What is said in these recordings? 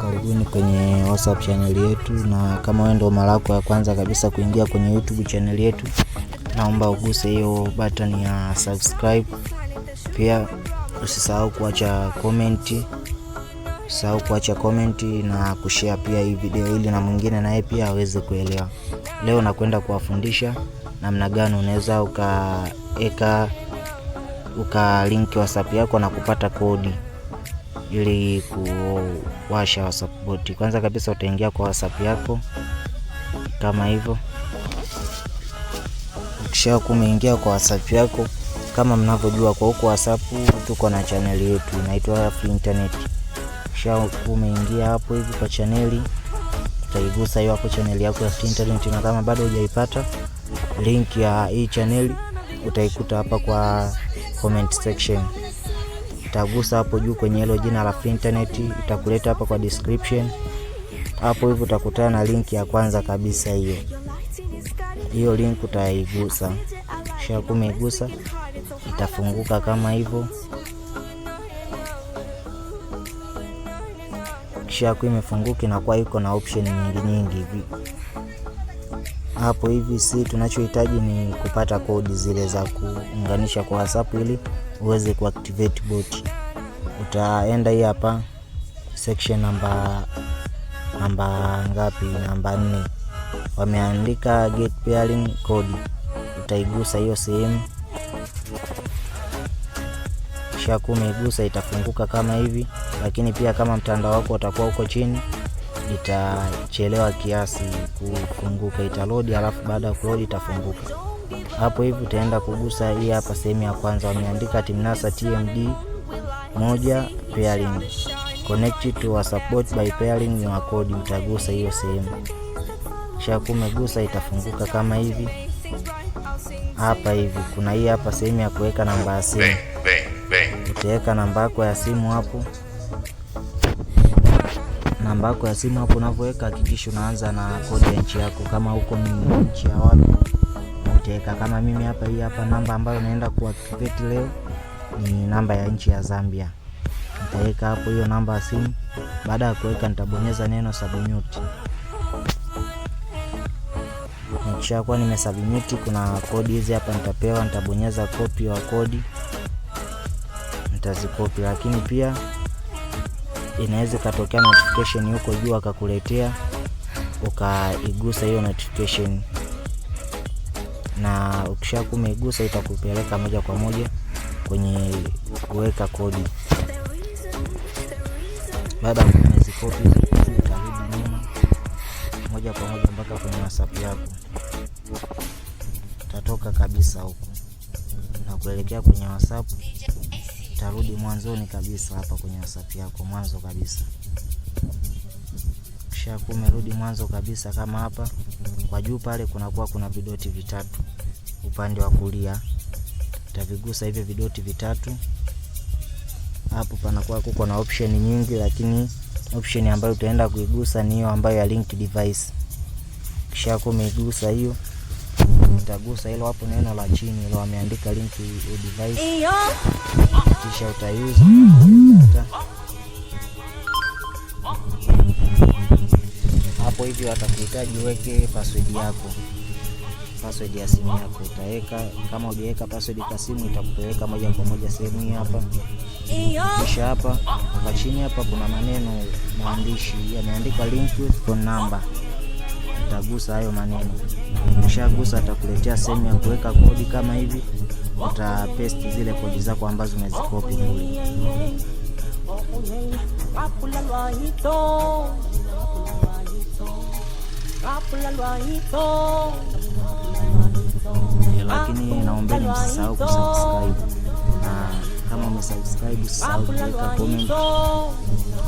Karibuni kwenye WhatsApp chaneli yetu, na kama wewe ndio mara yako ya kwanza kabisa kuingia kwenye YouTube chaneli yetu, naomba uguse hiyo button ya subscribe. Pia usisahau kuacha comment, usisahau kuacha comment na kushare pia hii video, ili na mwingine naye pia aweze kuelewa. Leo nakwenda kuwafundisha namna gani unaweza ukaeka uka link WhatsApp yako na kupata kodi ili kuwasha WhatsApp bot. Kwanza kabisa utaingia kwa WhatsApp yako kama hivyo. Ukisha kumeingia kwa WhatsApp yako kama mnavyojua, kwa huko WhatsApp tuko na chaneli yetu inaitwa Free Internet. Ukisha kumeingia hapo hivi kwa chaneli, utaigusa hiyo hapo chaneli yako ya Free Internet, na kama bado hujaipata link ya hii chaneli utaikuta hapa kwa comment section utagusa hapo juu kwenye hilo jina la internet, itakuleta hapa kwa description hapo hivyo, utakutana na linki ya kwanza kabisa hiyo hiyo link utaigusa, kisha kumeigusa itafunguka kama hivyo. Kisha hapo imefunguka, inakuwa iko na option nyingi nyingi hivi hapo hivi, si tunachohitaji ni kupata kodi zile za kuunganisha kwa WhatsApp ili uweze kuactivate bot. Utaenda hii hapa section namba namba ngapi? Namba nne, wameandika get pairing code. Utaigusa hiyo sehemu, kisha kumeigusa itafunguka kama hivi, lakini pia kama mtandao wako utakuwa uko chini itachelewa kiasi kufunguka, italodi, halafu baada ya kulodi itafunguka. Hapo hivi utaenda kugusa hii hapa sehemu ya kwanza, wameandika Timnasa TMD moja pairing connect to a support by pairing your code. Utagusa hiyo sehemu, kisha kumegusa itafunguka kama hivi. Hapa hivi kuna hii hapa sehemu ya kuweka namba ya simu, utaweka namba yako ya simu hapo namba yako ya simu hapo unavyoweka, hakikisha unaanza na kodi ya nchi yako. Kama huko ni nchi ya wapi utaweka, kama mimi hapa, hii hapa namba ambayo naenda kuactivate leo ni namba ya nchi ya Zambia. Nitaweka hapo hiyo namba ya simu. Baada ya kuweka, nitabonyeza neno submit. Nikishakuwa nimesubmit, kuna kodi hizi hapa nitapewa, nitabonyeza copy wa kodi, nitazikopi lakini pia inaweza ikatokea notification huko juu akakuletea ukaigusa hiyo notification, na ukisha kumeigusa itakupeleka moja kwa moja kwenye kuweka kodi. Baada ya kodi karibu nyuma moja kwa moja mpaka kwenye WhatsApp yako, utatoka kabisa huko na kuelekea kwenye WhatsApp utarudi mwanzoni kabisa hapa kwenye WhatsApp yako, mwanzo kabisa. Kisha kumerudi mwanzo kabisa kama hapa kwa juu pale, kunakuwa kuna vidoti vitatu upande wa kulia, utavigusa hivi vidoti vitatu. Hapo panakuwa kuko na option nyingi, lakini option ambayo utaenda kuigusa ni hiyo ambayo ya link device. Kisha kumeigusa hiyo utagusa hilo hapo neno la chini ilo wameandika link device kisha utaiuza hapo. Hivi watakuhitaji uweke password yako, password ya simu yako utaweka. Kama hujaweka password kwa simu, itakupeleka moja kwa moja sehemu hii hapa, kisha hapa kwa chini hapa kuna maneno maandishi yameandikwa link phone number Utagusa hayo maneno, ukishagusa atakuletea sehemu ya kuweka kodi kama hivi uta paste zile kodi zako ambazo umezikopi mule. Lakini naombeni msisahau kusubscribe, na kama umesubscribe usisahau kuweka comment,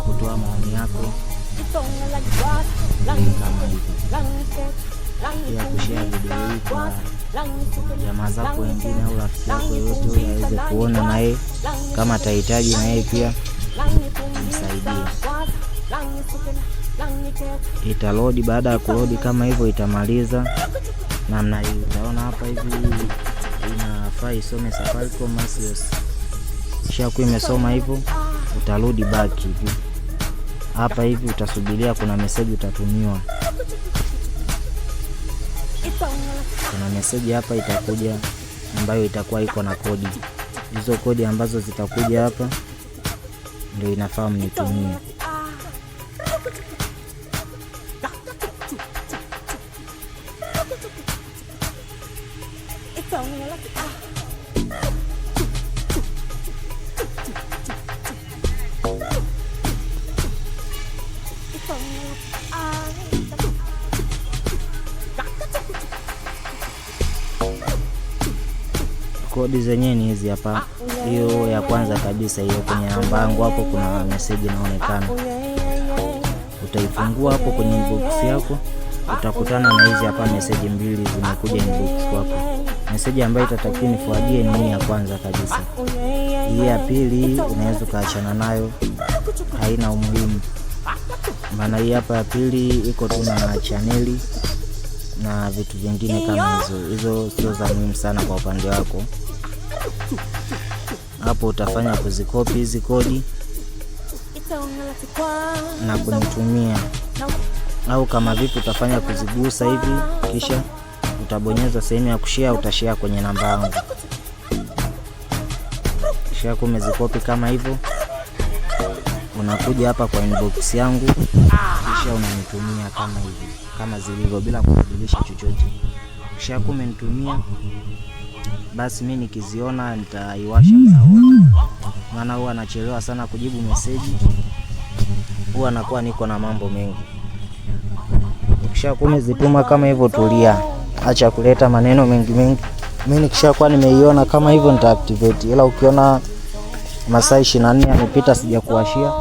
kutoa maoni yako kama hivi, pia kushare video hii kwa jamaa zako wengine au rafiki yako yoyote huyo aweze kuona naye, kama atahitaji naye pia msaidie. Italodi, baada ya kulodi kama hivyo itamaliza namna hii. Utaona hapa hivi inafaa isome Safaricom Masios, ishakuwa imesoma hivyo, utarudi baki hivi hapa hivi, utasubiria kuna meseji utatumiwa kuna meseji hapa itakuja ambayo itakuwa iko na kodi. Hizo kodi ambazo zitakuja hapa ndio inafaa mnitumie. Kodi zenye ni hizi hapa. Hiyo ya kwanza kabisa, hiyo kwenye namba hapo kuna message inaonekana, utaifungua hapo kwenye inbox yako, utakutana na hizi hapa message mbili zimekuja inbox kwako. Message ambayo itatakiwa nifuajie ni hii ya kwanza kabisa. Hii ya pili unaweza ukaachana nayo, haina umuhimu, maana hii hapa ya pili iko tu na chaneli na vitu vingine kama hizo. Hizo sio za muhimu sana kwa upande wako. Hapo utafanya kuzikopi hizi kodi na kunitumia, au kama vipi utafanya kuzigusa hivi, kisha utabonyeza sehemu ya kushea, utashea kwenye namba yangu kisha kumezikopi kama hivyo, unakuja hapa kwa inbox yangu, kisha unanitumia kama hivi kama zilivyo bila kubadilisha chochote. Kisha kumenitumia basi, mimi nikiziona nitaiwasha muda wote, maana huwa anachelewa sana kujibu meseji, huwa anakuwa niko na mambo mengi. Kisha kumi zituma kama hivyo, tulia, acha kuleta maneno mengi mengi. Mimi nikishakuwa nimeiona kama hivyo nitaactivate, ila ukiona masaa 24 yamepita sijakuashia,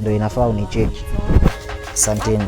ndio inafaa unicheki. Asanteni.